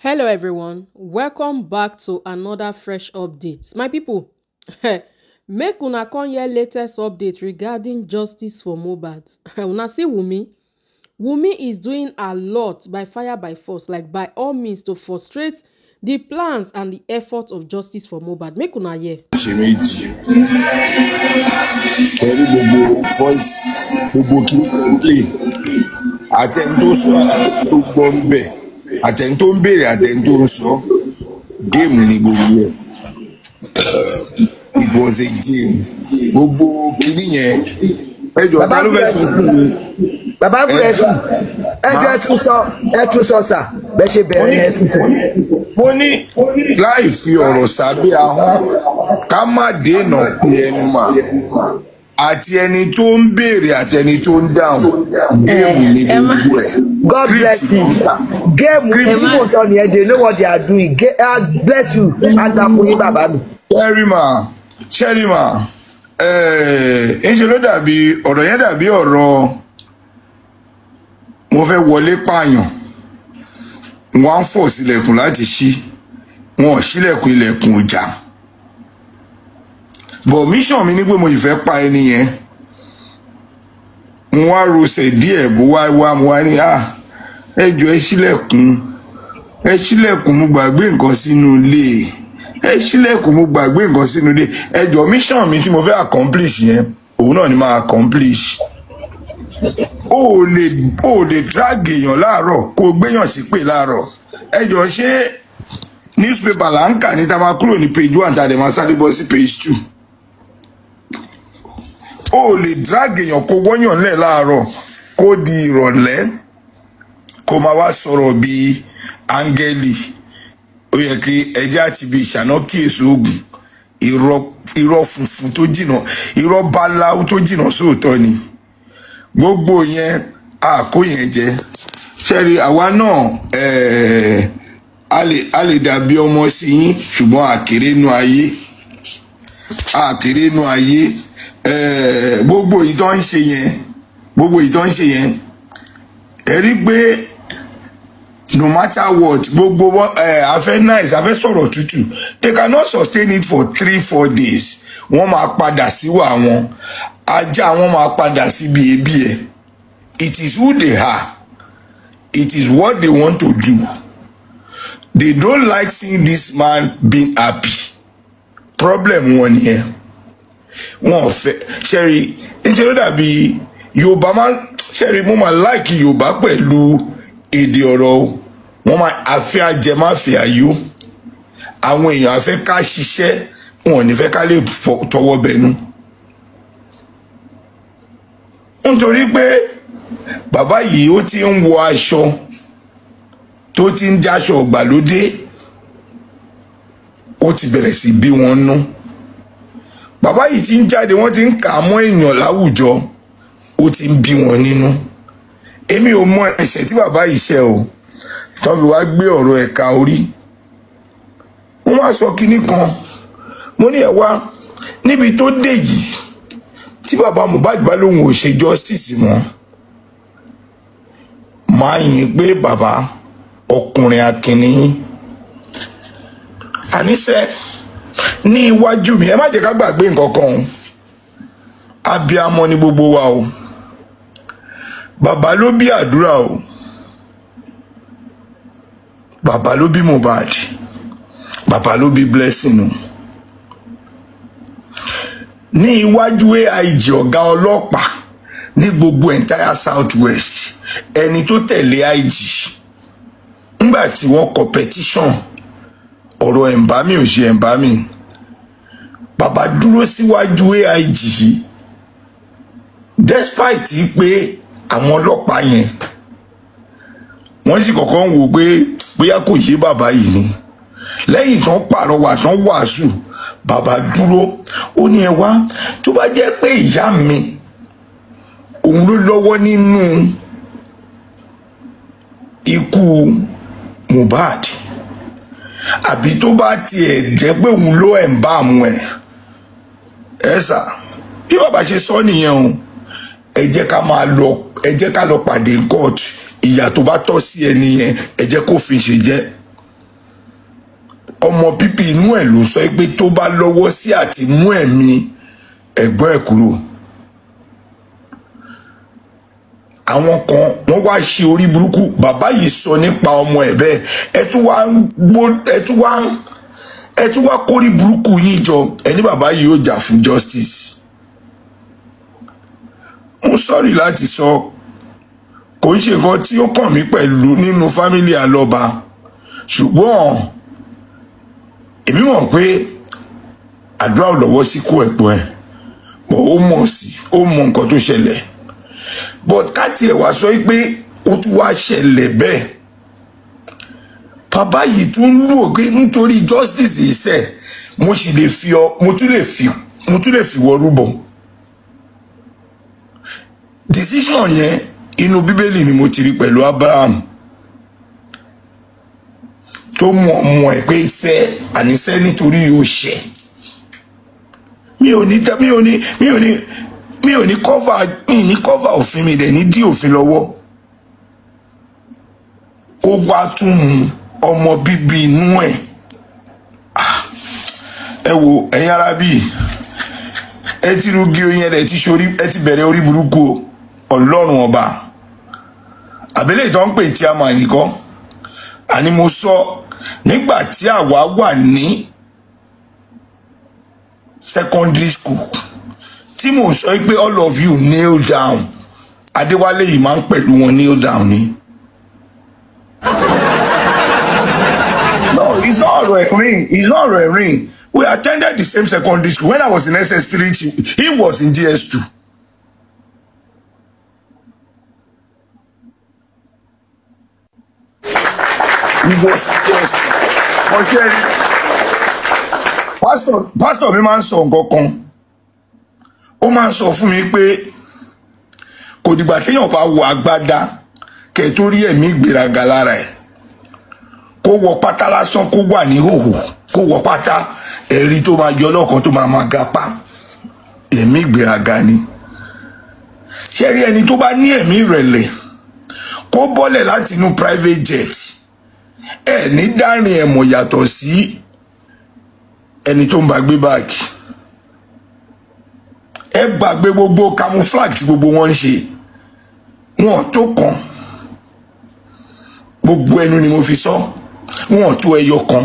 hello everyone welcome back to another fresh update my people. make una come hear latest update regarding justice for mohbad una see Wumi wunmi is doing a lot by fire by force like by all means to frustrate the plans and the efforts of justice for mohbad make una hear. voice gbogbo kí n play àtẹni ń béèrè àtẹni ń sọ géèmù ni gbogbo ẹ̀ it was a game gbogbo kìíní yẹn ẹjọ ta ló fẹ́ sọ fún mi. bàbá búrẹ́sì ẹjọ́ ẹ tún sọ ẹ tún sọ sà bẹ́ẹ̀ ṣe bẹ̀rẹ̀ ẹ tún sọ. mo ní láì fi ọ̀rọ̀ sábẹ́ ahọ́n ká má dènà pé ẹnu mà àti ẹni tó ń béèrè àti ẹni tó ń dáhùn géèmù ní eh, gbogbo ẹ. God bless you. Géèmù tí mo sọ nìyẹn they know what they are doing. God ah, bless you. Àgbà fún yín bàbá mi. Ṣẹ́rìmà Ṣẹ́rìmà ẹ̀ ńṣe ló dàbí ọ̀rọ̀ yẹn dàbí ọ̀rọ̀ mo fẹ́ wọlé pààyàn wọ́n á ń fọ̀ sílẹ̀kùn láti ṣí wọn ò sílẹ̀kùn ilẹ̀kùn ọjà. Ja but mission mi ni pé mo ìfẹ́ pa ẹni yẹn mo wá rosẹ̀ díẹ̀ mo wá wá mo wá ní à ah, ẹ jọ ẹ ṣílẹ̀kùn ẹ ṣílẹ̀kùn mo gbàgbé nǹkan sínú ilé ẹ ṣílẹ̀kùn mo gbàgbé nǹkan sínú ilé ẹ jọ mission mi tí mo fẹ́ accomplish yẹn òun náà ni máa accomplish o ò lè o ò lè drag èèyàn láàárọ̀ kó o gbéyàn sí pé láàárọ̀ ẹ jọ ṣé newspaper là ń kà ní tá a máa kúrò ní page one tá a dẹ̀ máa sáré bọ́ sí page two. o lè drag èèyàn kó wọ́yàn lẹ̀ láàárọ̀ kó di ìrọ̀lẹ́ kó máa wá sọ̀rọ̀ bíi áńgẹ́lì ó yẹ kí ẹja ìṣáná kíyèsí funfun tó jìnà ni gbogbo yẹn àkó yẹn jẹ ṣẹ́rí àwa náà eh, a lè dàbí ọmọ sí yín ṣùgbọ́n àkèrè inú ayé àkèrè ayé. Eh, gbogbo yìí tó ń ṣe yẹn gbogbo yìí tó ń ṣe yẹn ẹ rí pé no matter what gbogbo afẹ́ eh, nice afẹ́ sọ̀rọ̀ tútù they cannot sustain it for three four days wọ́n máa padà síwà wọn ajá wọn máa padà síbi ebi ẹ̀ it is who they are it is what they want to do they don't like seeing this man being happy problem wọn nìyẹn wọn ò fẹ́ ṣẹ́rí níṣẹ́ ló dàbí yorùbá máa ṣẹ́rí mo máa láìkí yorùbá pẹ̀lú èdè ọ̀rọ̀ wọn máa àfẹ́ ajẹmáfẹ́ ayó àwọn èèyàn àfẹ́ ká ṣiṣẹ́ wọn ò ní fẹ́ ká lè tọwọ́ bẹnu nítorí pé bàbá yìí ó ti ń wọ aṣọ tó ti ń jáṣọ ọ̀gbàlódé ó ti bẹ̀rẹ̀ sí bí wọn nú. No bàbá yìí ti ń jáde wọ́n ti ń kà á mọ́ èèyàn láwùjọ ó ti ń bí wọn nínú èmi ò mọ ẹ̀ṣẹ̀ tí bàbá yìí ṣẹ̀ o tó fi wá gbé ọ̀rọ̀ ẹ̀ka orí wọ́n wá sọ kinní kan mo ní ẹ̀ wá níbi tó dé yìí tí bàbá Mohbad bá lóun ò ṣe justice mọ́ máa yìn pé bàbá ọkùnrin akínní àníṣe ní iwájú mi ẹ má jẹ́ ká gbàgbé nǹkan kan abiamọ ni gbogbo wa o bàbá ló bí àdúrà o bàbá ló bí Mohbad bàbá ló bí blessing o ní iwájú AIG ọ̀gá ọlọ́pàá ní gbogbo entire south west ẹni tó tẹ̀lé IG nígbà tí wọ́n kọ petition ọ̀rọ̀ ẹ̀ǹbámi ò ṣe ẹ̀ǹbámi bàbá dúró síwájú AIG yìí despite pé àwọn ọlọ́pàá yẹn wọ́n sì kọ́kọ́ ń wò pé bóyá kò yé bàbá yìí ni lẹ́yìn tán pàrọwà tán wàásù bàbá dúró ó ní ẹ wá tó bá jẹ́ pé ìyá mi òun ló lọ́wọ́ nínú ikú Mohbad àbí tó bá tiẹ̀ jẹ́ pé òun ló ẹ̀ ń bá mu ẹ̀ ẹ sà bí bàbá ṣe sọ nìyẹn o ẹ jẹ́ ká máa lọ ẹ jẹ́ ká lọ pàdé court ìyà tó bá tọ́ sí ẹni yẹn ẹ jẹ́ kó fi ṣe jẹ́ ọmọ bíbí inú ẹ̀ ló sọ pé tó bá lọ́wọ́ sí àti mú ẹ̀mí ẹ̀gbọ́n ẹ̀ kúrò àwọn kan wọ́n wá ṣe orí burúkú bàbá yìí sọ nípa ọmọ ẹ̀ bẹ́ẹ̀ ẹ tún wá ń ẹ tún wá kórí burúkú yín jọ ẹni bàbá yìí ó jà fún justice mo sọrí láti sọ kò ń ṣe nǹkan tí ó kàn mí pẹ̀lú nínú fámílì àlọ́ba ṣùgbọ́n èmi mọ̀ pé àdúrà ò lọ́wọ́ sí kú ẹ̀pọ̀ ẹ̀ bọ̀ ó mọ̀ sí ó mọ nǹkan tó ṣẹlẹ̀ but ká tiẹ̀ wá sọ pé ó tún wá ṣẹlẹ̀ bẹ́ẹ̀ bàbá yìí tún lù ó pé nítorí justice iṣẹ́ mo sì lè fi ọ mo tún lè fi mo tún lè fi wọ rúbọ decision yẹn inú bíbélì ni mo ti rí pẹ̀lú Abraham tó mọ̀ mọ̀ ẹ̀ pé iṣẹ́ àníṣẹ́ nítorí yóò ṣẹ mi ò ní mi ò ní mi ò ní mi ò ní kọ́fà mi ní kọ́fà òfin mi dẹ̀ ní dí òfin lọ́wọ́ ó wá mu ọmọ bíbí inú ẹ̀ ah, ẹ wo ẹ̀yin ara bíi ẹ ti rugi oyin ẹ̀ ti sori ẹ ti bẹ̀rẹ̀ orí burúkú ọlọ́run ọba àbẹ́lẹ̀ tó ń pè tí a máa yìí kọ́ àní mo sọ nígbà tí àwa wà ní secondary school tí mo sọ pé all of you kneel down adéwálé yìí máa ń pẹ̀lú wọn kneel down ni. Ring, he's not a ring. we attended the same secondary school when I was in SS3 he was in GS2. he was in GS2. Okay. Pastor, pastor, mi máa ń sọ nǹkan kan ó máa ń sọ fún mi pé kò dìgbà téèyàn bá wọ agbádá kẹ̀ tó kó wọ pátá lásán kó wà ní hòhò kó wọ pátá ẹ̀rí tó máa yọ lọ́kàn tó máa máa ga pa ẹ̀mí ìgbéraga ni ṣé ẹni tó bá ní ẹ̀mí ìrẹ̀lẹ̀ kó bọ́lẹ̀ láti inú private jet ẹ̀ ní dárin ẹ̀mọ̀ yàtọ̀ sí ẹni tó ń bá gbé báàgì ẹ gbàgbé gbogbo camouflage tí gbogbo wọn ń ṣe wọn tó kàn gbogbo ẹnu ni mo fi sọ. So wọn tó ẹyọ kan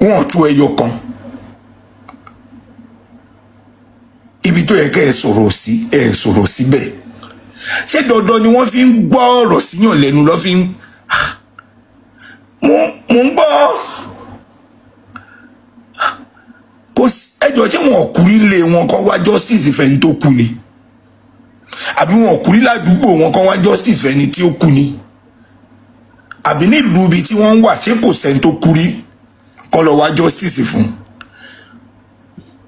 wọn tó ẹyọ kan ibi tó yẹ kẹ́ ẹ sọ̀rọ̀ sí ẹ sọ̀rọ̀ síbẹ̀ ṣé dandan ni wọ́n fi ń gbọ́ ọ̀rọ̀ síyàn lẹ́nu lọ́ fi ń mo ń bọ́ kò sí ẹjọ́ ṣé wọn kú nílé wọn kọ́ wá justice fẹ́ni tó kú ni àbí wọn kú ní ládùúgbò wọn kọ́ wá justice fẹ́ni tí ó kú ni àbí nílùú ibi tí wọ́n ń wà ṣé kò sẹ́ni tó kú rí kọ́ lọ wá justice fún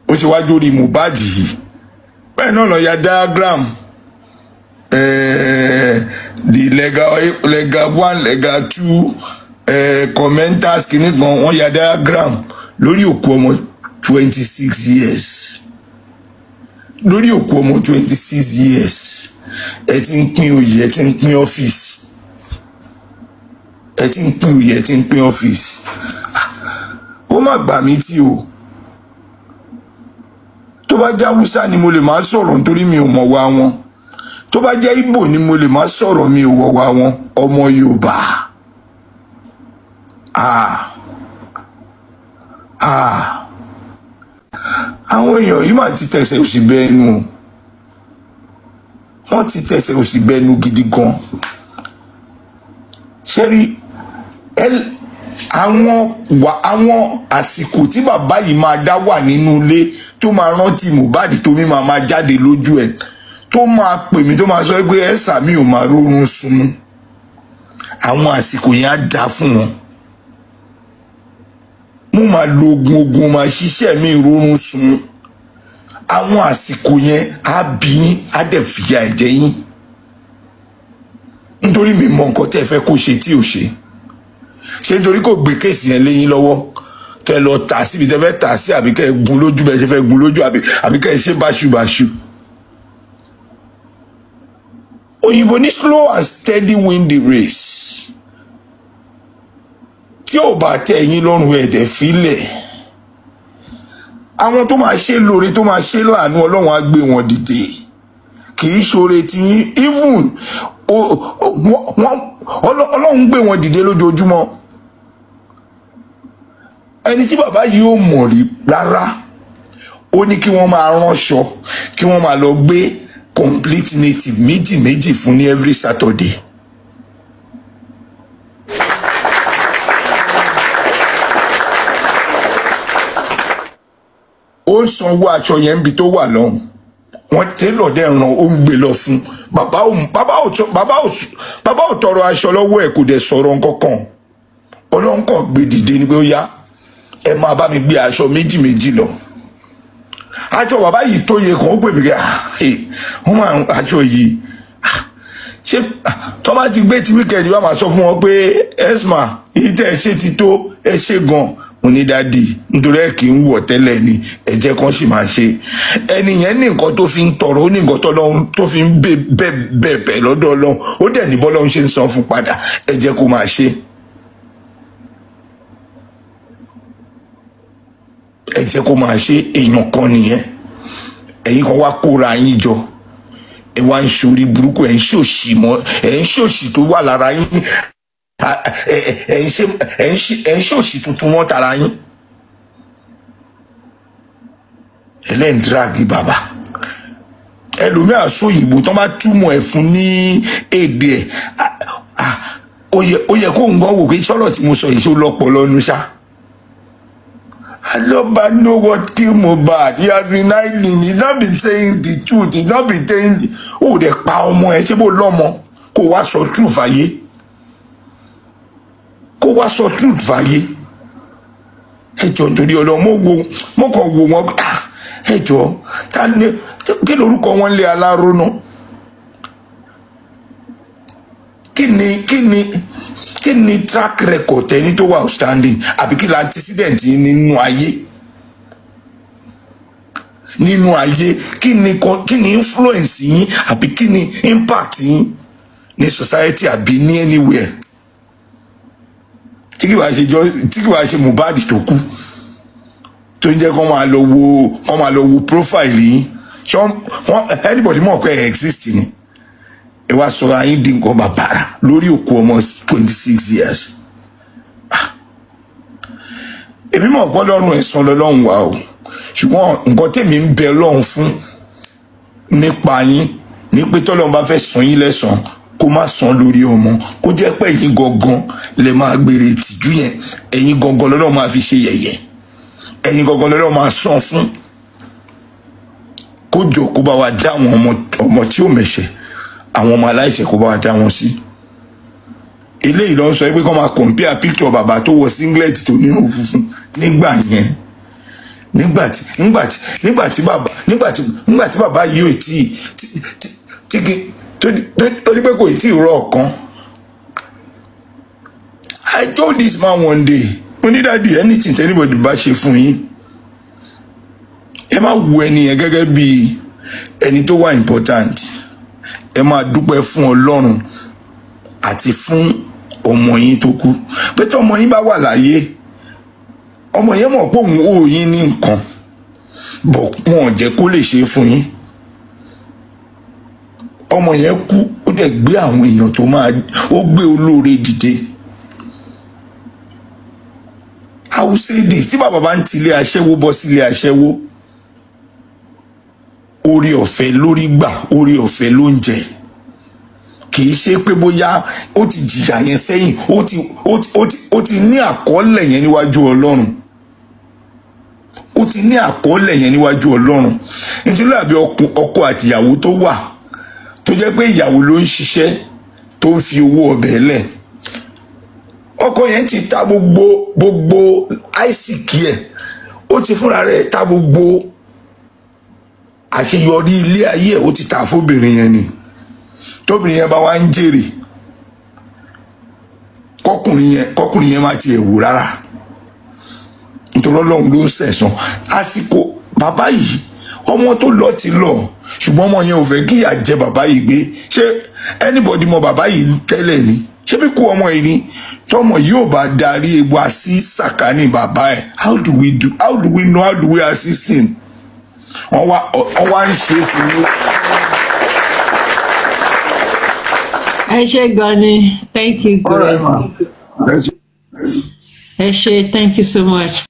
ó ṣe wájú orí Mohbad yìí bẹ́ẹ̀ náà lọ ya diagram di the legal one legal two commenters kìíní kan wọ́n ya diagram lórí òkú ọmọ twenty six years lórí òkú ọmọ twenty six years ẹ ti ń pín oyè ẹ ti ń pín ọ́fíìsì ẹ ti ń pín oyè ẹ ti ń pín ọ́fíìsì ó má gbà mí tí o tó bá jẹ́ haúsá ni mo lè máa sọ̀rọ̀ nítorí mi ò mọ̀wá wọn tó bá jẹ́ ìgbò ni mo lè máa sọ̀rọ̀ mi ò wọ̀wá wọn ọmọ yorùbá àwọn èèyàn yìí mà ti tẹ̀sẹ̀ òsì bẹ́ẹ̀nu o wọ́n ti tẹ̀sẹ̀ òsì bẹ́ẹ̀nu gidi gan ṣẹ́rí àwọn wà àwọn àsìkò tí bàbá yìí máa dá wà nínú ilé tó máa rántí Mohbad tó mi máa máa jáde lójú ẹ̀ tó máa pè mí tó máa sọ pé ẹ̀sà mi ò máa rórun sun àwọn àsìkò yẹn á dáa fún wọn mo máa lo ogun ogun máa ṣiṣẹ́ mi rórun sun àwọn àsìkò yẹn á bí yín á dẹ̀ fìyà ẹ̀jẹ̀ yín nítorí mi mọ nǹkan tẹ́ ẹ fẹ́ kó ṣe tí ò ṣe ṣé nítorí kò gbé kéèsì yẹn léyìn lọ́wọ́ kẹ́ lọ tà síbi tẹ́ fẹ́ tà sí àbí kẹ́ gun lójú bẹ́ẹ̀ ṣe fẹ́ gun lójú àbí kẹ́ ṣe báṣubàṣu. òyìnbó ní slow and steady win the race tí ò bá tẹ́ ẹ̀yin lọ́rùn ẹ̀dẹ̀ fílẹ̀ àwọn tó máa ṣe lóore tó máa ṣe láàánú ọlọ́run á gbé wọn dìde kì í ṣoore tí even ọlọ́run gbé wọn dìde lójoojúmọ́ ẹni tí bàbá yìí ò mọ̀ rí rárá ó ní kí wọ́n máa ránṣọ kí wọ́n máa lọ gbé complete native méjì méjì fún ní every Saturday. ó ń sanwó aṣọ yẹn níbi tó wà lọ́hùn wọ́n télọ̀ dẹ̀ ràn ó ń gbé lọ fún bàbá ò bàbá ò tọrọ aṣọ lọ́wọ́ ẹ̀ kò dẹ̀ sọ̀rọ̀ nǹkan kan ọlọ́nkàn gbé dìde ni pé ó yá ẹ máa bá mi gbé aṣọ méjì méjì lọ aṣọ bàbá yìí tó yẹ kàn ó pè mí kí wọn máa ń aṣọ yìí ah, ṣé ah, tó bá ti gbé ti wíkẹ̀ndì wá máa sọ fún wọn pé esma yìí tẹ̀ ṣe ti tó ẹ ṣe gan onídàádì nítorí ẹ kì í wọ̀ tẹ́lẹ̀ ni ẹ̀jẹ̀ kan sì máa ṣe ẹni yẹn ní nǹkan tó fi ń tọrọ ó ní nǹkan tó lọ́hún tó fi ń bẹ̀ bẹ̀ bẹ̀ lọ́dọ̀ ọlọ́hún ó dẹ̀ ní bọ́lọ́hún ṣe ń san fún padà ẹ̀jẹ̀ kó máa ṣe. ẹ jẹ́ kó máa ṣe èèyàn kan nìyẹn ẹ̀yin kan wá kóra yín jọ ẹ wá ń ṣorí burúkú ẹ ń ṣòṣì mọ ẹ ń ṣòṣì tó wà lára yín ẹ ń ṣòṣì tuntun wọn tara yín ẹlẹ́ǹdíràgì bàbá ẹlòmíà sọ òyìnbó tán bá túmọ̀ ẹ̀ fún ní èdè ẹ̀ ó yẹ kó ń gbọ́ wò pé sọ́rọ̀ tí mo sọ yìí ṣó lọ́pọ̀ lọ́nu ṣáá. Aloba know what kill Mohbad. He has been hiding. He's not been saying the truth. He's not been saying. Ó dẹ̀ pa ọmọ ẹ̀ ṣé bó lọ́mọ kó wá sọ truth fàyè. Kó wá sọ truth Hey, John. jọ̀ọ́ nítorí ọ̀dọ̀ mo wo mo kàn wò wọ́n ah, ẹ jọ̀ọ́ ta ni kí lorúkọ wọn lé aláró náà. Kí ni kí ni track record ẹni tó wà outstanding àbí kí ni antecedent yín nínú ayé nínú ayé kí ni kí ni influence yín àbí kí ni impact yín ní society àbí ní anywhere tí kì wá ṣe jọ tí kì wá ṣe Mohbad tó kú tó ń jẹ́ kó máa lọ wo kó máa lọ wo profile yín ṣé wọ́n anybody mọ̀ pé ẹ̀ exist ni wá sọra yín di nǹkan bàbàrà lórí òkú ọmọ twenty six years ah. èmi mọ̀ pé ọlọ́run ẹ̀san lọ́lọ́run wa o ṣùgbọ́n nǹkan tèmi ń bẹ ọlọ́run fún nípa yín ní pé tọ́lọ́run bá fẹ́ san yín lẹ́san kó má san lórí ọmọ kó jẹ́ pé ẹ̀yin gangan lè máa gbèrè ìtìjú yẹn ẹ̀yin gangan lọ́lọ́run máa fi ṣe yẹ̀yẹ́ ẹ̀yin gangan lọ́lọ́run máa san fún kó jọ kó bá wa dá àwọn ọmọ tí ó mẹ̀ṣẹ̀ àwọn ọmọ aláìṣẹ̀ kó bá wa dá wọn sí eléyìí ló sọ pé kó máa compare picture bàbá tó wọ singlet tó nínú funfun nígbà yẹn nígbàtí nígbàtí nígbàtí bàbá nígbàtí nígbàtí bàbá yìí ò tí tí kì tó pé kò tí ì rọ ọ̀kan I told this man one day mo ní dáàdi anything tí anybody bá ṣe fún yín ẹ má wo ẹni yẹn gẹ́gẹ́ bí ẹni tó wà important ẹ máa dúpẹ́ fún ọlọ́run àti fún ọmọ yín tó kú pé tọmọ yín bá wà láyé ọmọ yẹn mọ̀ pé òun ò yín ní nǹkan bọ̀ wọn ò jẹ́ kó lè ṣe fún yín ọmọ yẹn kú ó dẹ̀ gbé àwọn èèyàn tó máa ó gbé olóore dìde I will say this tí bàbá bá ń tilé aṣẹ́wó bọ́ sílé aṣẹ́wó orí ọ̀fẹ́ lórí gbà orí ọ̀fẹ́ ló ń jẹ kì í ṣe pé bóyá ó ti jìyà yẹn sẹ́yìn ó ti ó ti ó ti ó ti ní àkọọ́lẹ̀ yẹn níwájú ọlọ́run ó ti ní àkọọ́lẹ̀ yẹn níwájú ọlọ́run nítorí àbí ọkọ àtìyàwó tó wà tó jẹ́ pé ìyàwó ló ń ṣiṣẹ́ tó ń fi owó ọbẹ̀ lẹ̀ ọkọ yẹn ti ta gbogbo gbogbo àìsíkì ẹ̀ ó ti fúnra rẹ̀ ta gbogbo àṣeyọrí ilé ayé ẹ̀ ó ti ta fóbìnrin yẹn ni tóbìnrin yẹn bá wá ń jèrè kọkùnrin yẹn kọkùnrin yẹn má tiẹ̀ wò rárá nítorí ọlọ́run ló ń sẹ̀sán àsìkò bàbá yìí ọmọ tó lọ ti lọ ṣùgbọ́n ọmọ yẹn ò fẹ́ kíyà jẹ bàbá yìí gbé ṣé anybody mọ bàbá yìí tẹ́lẹ̀ ni ṣé bí kú ọmọ yìí ni tọmọ yìí ò bá darí wa sí sàkání bàbá ẹ̀ how do we do how do we know how do we assist him ọwá ń ṣe fún mi. ẹ ṣe gan thank you. All right, Ẹ ṣe thank you so much.